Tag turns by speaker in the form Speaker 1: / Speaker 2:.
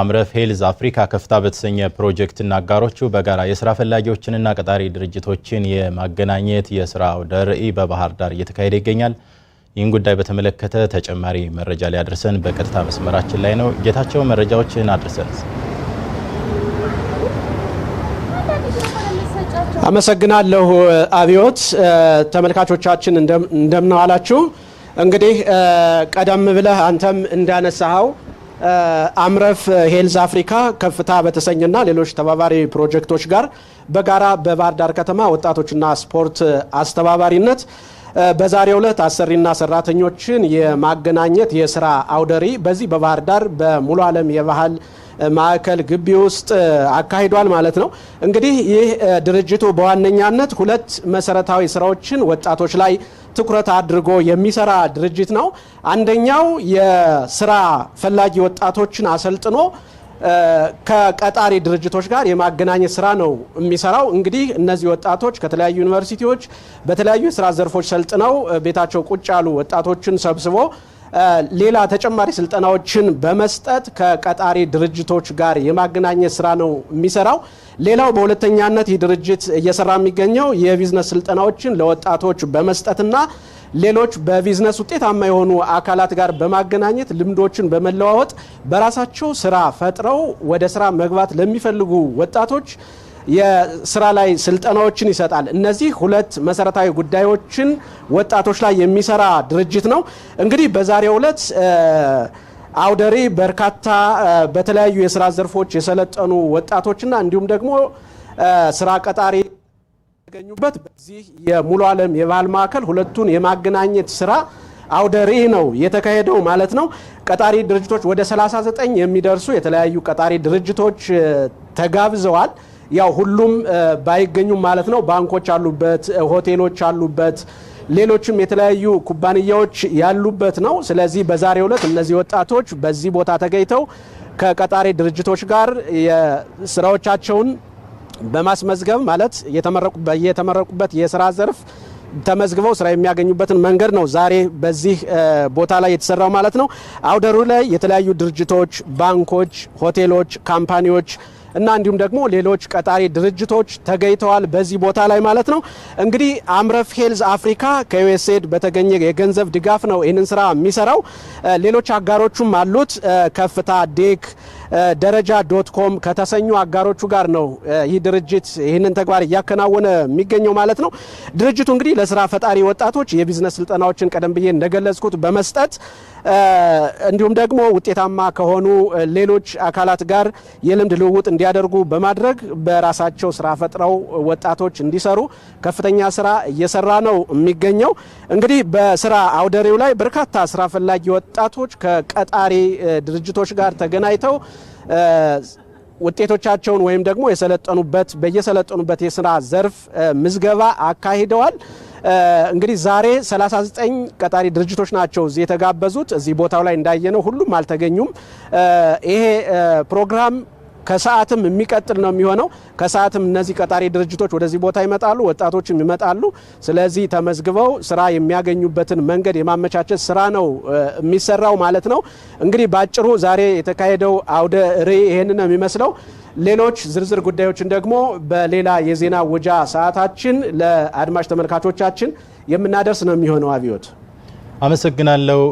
Speaker 1: አምረፍ ሄልዝ አፍሪካ ከፍታ በተሰኘ ፕሮጀክትና አጋሮቹ በጋራ የስራ ፈላጊዎችንና ቀጣሪ ድርጅቶችን የማገናኘት የስራ አውደ ርዕይ በባህር ዳር እየተካሄደ ይገኛል። ይህን ጉዳይ በተመለከተ ተጨማሪ መረጃ ሊያደርሰን በቀጥታ መስመራችን ላይ ነው። ጌታቸው መረጃዎችን አድርሰን።
Speaker 2: አመሰግናለሁ አብዮት። ተመልካቾቻችን እንደምናዋላችሁ። እንግዲህ ቀደም ብለህ አንተም እንዳነሳኸው አምረፍ ሄልዝ አፍሪካ ከፍታ በተሰኘና ሌሎች ተባባሪ ፕሮጀክቶች ጋር በጋራ በባህር ዳር ከተማ ወጣቶችና ስፖርት አስተባባሪነት በዛሬው ዕለት አሰሪና ሰራተኞችን የማገናኘት የስራ አውደሪ በዚህ በባህር ዳር በሙሉ ዓለም የባህል ማዕከል ግቢ ውስጥ አካሂዷል ማለት ነው። እንግዲህ ይህ ድርጅቱ በዋነኛነት ሁለት መሰረታዊ ስራዎችን ወጣቶች ላይ ትኩረት አድርጎ የሚሰራ ድርጅት ነው። አንደኛው የስራ ፈላጊ ወጣቶችን አሰልጥኖ ከቀጣሪ ድርጅቶች ጋር የማገናኘት ስራ ነው የሚሰራው። እንግዲህ እነዚህ ወጣቶች ከተለያዩ ዩኒቨርሲቲዎች በተለያዩ የስራ ዘርፎች ሰልጥነው ቤታቸው ቁጭ ያሉ ወጣቶችን ሰብስቦ ሌላ ተጨማሪ ስልጠናዎችን በመስጠት ከቀጣሪ ድርጅቶች ጋር የማገናኘት ስራ ነው የሚሰራው። ሌላው በሁለተኛነት ይህ ድርጅት እየሰራ የሚገኘው የቢዝነስ ስልጠናዎችን ለወጣቶች በመስጠትና ሌሎች በቢዝነስ ውጤታማ የሆኑ አካላት ጋር በማገናኘት ልምዶችን በመለዋወጥ በራሳቸው ስራ ፈጥረው ወደ ስራ መግባት ለሚፈልጉ ወጣቶች የስራ ላይ ስልጠናዎችን ይሰጣል። እነዚህ ሁለት መሰረታዊ ጉዳዮችን ወጣቶች ላይ የሚሰራ ድርጅት ነው። እንግዲህ በዛሬው ዕለት አውደሪ በርካታ በተለያዩ የስራ ዘርፎች የሰለጠኑ ወጣቶችና እንዲሁም ደግሞ ስራ ቀጣሪ ገኙበት በዚህ የሙሉ ዓለም የባህል ማዕከል ሁለቱን የማገናኘት ስራ አውደ ርዕይ ነው የተካሄደው ማለት ነው። ቀጣሪ ድርጅቶች ወደ 39 የሚደርሱ የተለያዩ ቀጣሪ ድርጅቶች ተጋብዘዋል። ያው ሁሉም ባይገኙም ማለት ነው። ባንኮች አሉበት፣ ሆቴሎች አሉበት፣ ሌሎችም የተለያዩ ኩባንያዎች ያሉበት ነው። ስለዚህ በዛሬው ዕለት እነዚህ ወጣቶች በዚህ ቦታ ተገኝተው ከቀጣሪ ድርጅቶች ጋር ስራዎቻቸውን በማስመዝገብ ማለት የተመረቁበት የስራ ዘርፍ ተመዝግበው ስራ የሚያገኙበትን መንገድ ነው ዛሬ በዚህ ቦታ ላይ የተሰራው ማለት ነው። አውደሩ ላይ የተለያዩ ድርጅቶች፣ ባንኮች፣ ሆቴሎች፣ ካምፓኒዎች እና እንዲሁም ደግሞ ሌሎች ቀጣሪ ድርጅቶች ተገኝተዋል በዚህ ቦታ ላይ ማለት ነው። እንግዲህ አምረፍ ሄልዝ አፍሪካ ከዩኤስኤድ በተገኘ የገንዘብ ድጋፍ ነው ይህንን ስራ የሚሰራው። ሌሎች አጋሮቹም አሉት። ከፍታ ዴክ ደረጃ ዶት ኮም ከተሰኙ አጋሮቹ ጋር ነው ይህ ድርጅት ይህንን ተግባር እያከናወነ የሚገኘው ማለት ነው። ድርጅቱ እንግዲህ ለስራ ፈጣሪ ወጣቶች የቢዝነስ ስልጠናዎችን ቀደም ብዬ እንደገለጽኩት በመስጠት እንዲሁም ደግሞ ውጤታማ ከሆኑ ሌሎች አካላት ጋር የልምድ ልውውጥ እንዲያደርጉ በማድረግ በራሳቸው ስራ ፈጥረው ወጣቶች እንዲሰሩ ከፍተኛ ስራ እየሰራ ነው የሚገኘው። እንግዲህ በስራ አውደሬው ላይ በርካታ ስራ ፈላጊ ወጣቶች ከቀጣሪ ድርጅቶች ጋር ተገናኝተው ውጤቶቻቸውን ወይም ደግሞ የሰለጠኑበት በየሰለጠኑበት የስራ ዘርፍ ምዝገባ አካሂደዋል። እንግዲህ ዛሬ 39 ቀጣሪ ድርጅቶች ናቸው እዚህ የተጋበዙት። እዚህ ቦታው ላይ እንዳየነው ሁሉም አልተገኙም። ይሄ ፕሮግራም ከሰዓትም የሚቀጥል ነው የሚሆነው። ከሰዓትም እነዚህ ቀጣሪ ድርጅቶች ወደዚህ ቦታ ይመጣሉ፣ ወጣቶችም ይመጣሉ። ስለዚህ ተመዝግበው ስራ የሚያገኙበትን መንገድ የማመቻቸት ስራ ነው የሚሰራው ማለት ነው። እንግዲህ ባጭሩ ዛሬ የተካሄደው አውደ ርዕይ ይሄን ነው የሚመስለው። ሌሎች ዝርዝር ጉዳዮችን ደግሞ በሌላ የዜና ውጃ ሰዓታችን ለአድማጭ ተመልካቾቻችን የምናደርስ ነው የሚሆነው። አብዮት አመሰግናለሁ።